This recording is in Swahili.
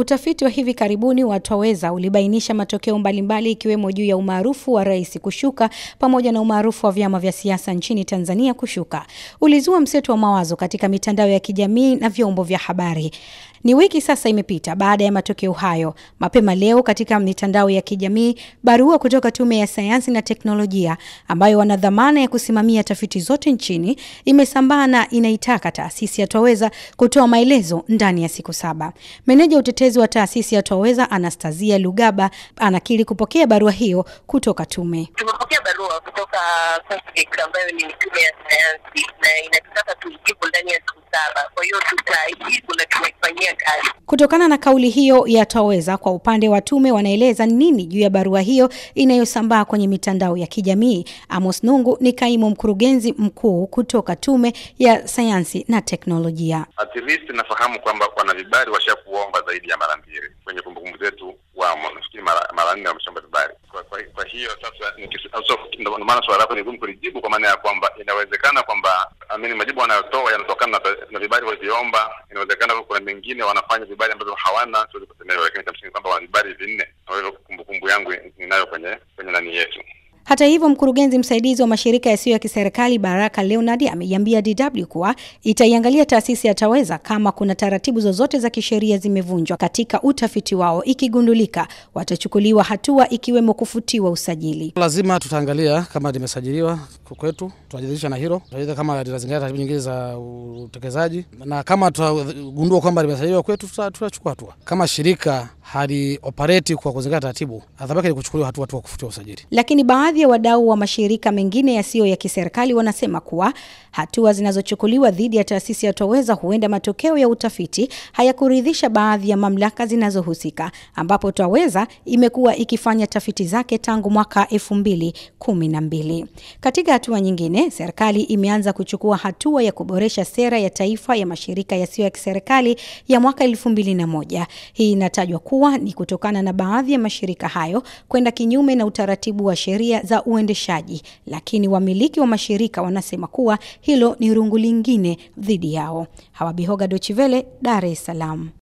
Utafiti wa hivi karibuni wa Twaweza ulibainisha matokeo mbalimbali ikiwemo juu ya umaarufu wa rais kushuka pamoja na umaarufu wa vyama vya siasa nchini Tanzania kushuka. Ulizua mseto wa mawazo katika mitandao ya kijamii na vyombo vya habari. Ni wiki sasa imepita baada ya matokeo hayo. Mapema leo katika mitandao ya kijamii, barua kutoka Tume ya Sayansi na Teknolojia ambayo wana dhamana ya kusimamia tafiti zote nchini imesambaa na inaitaka taasisi ya Twaweza kutoa maelezo ndani ya siku saba. Meneja utetezi wa taasisi ya Twaweza Anastazia Lugaba anakiri kupokea barua hiyo kutoka tume. Tumepokea barua COSGEX ambayo ni tume ya sayansi na inatutaka tuijibu ndani ya siku saba. Kwa hiyo tutaijibu na tunaifanyia kazi. Kutokana na kauli hiyo yataweza, kwa upande wa tume wanaeleza nini juu ya barua hiyo inayosambaa kwenye mitandao ya kijamii. Amos Nungu ni kaimu mkurugenzi mkuu kutoka tume ya sayansi na teknolojia. At least nafahamu kwamba wanavibari washakuomba zaidi ya mara mbili kwenye hiyo sasa ndio maana swala lako ni gumu kulijibu, kwa maana ya kwamba inawezekana kwamba amini majibu wanayotoa yanatokana na vibali walivyoomba. Inawezekana kuna mengine wanafanya vibali ambavyo hawana, siwezi kusema lakini cha msingi kwamba wana vibali vinne, kwa kumbukumbu yangu ninayo kwenye kwenye nani yetu hata hivyo, mkurugenzi msaidizi wa mashirika yasiyo ya kiserikali Baraka Leonard ameiambia DW kuwa itaiangalia taasisi ya Taweza kama kuna taratibu zozote za kisheria zimevunjwa katika utafiti wao. Ikigundulika, watachukuliwa hatua ikiwemo kufutiwa usajili. Lazima tutaangalia kama limesajiliwa kwetu, tutajiridhisha na hilo, tutajiridhisha kama linazingatia taratibu nyingine za utekelezaji, na kama tutagundua kwamba limesajiliwa kwetu, tutachukua hatua kama shirika haliopareti kwa kuzingatia taratibu, adhabu yake ni kuchukuliwa hatua tu kufutia usajili. Lakini baadhi ya wadau wa mashirika mengine yasiyo ya kiserikali wanasema kuwa hatua zinazochukuliwa dhidi ya taasisi ya Twaweza huenda matokeo ya utafiti hayakuridhisha baadhi ya mamlaka zinazohusika, ambapo Twaweza imekuwa ikifanya tafiti zake tangu mwaka elfu mbili kumi na mbili. Katika hatua nyingine, serikali imeanza kuchukua hatua ya kuboresha sera ya taifa ya mashirika yasiyo ya kiserikali ya mwaka elfu mbili na moja. Hii inatajwa kuwa kuwa ni kutokana na baadhi ya mashirika hayo kwenda kinyume na utaratibu wa sheria za uendeshaji, lakini wamiliki wa mashirika wanasema kuwa hilo ni rungu lingine dhidi yao. Hawabihoga, Dochivele, Dar es Salaam.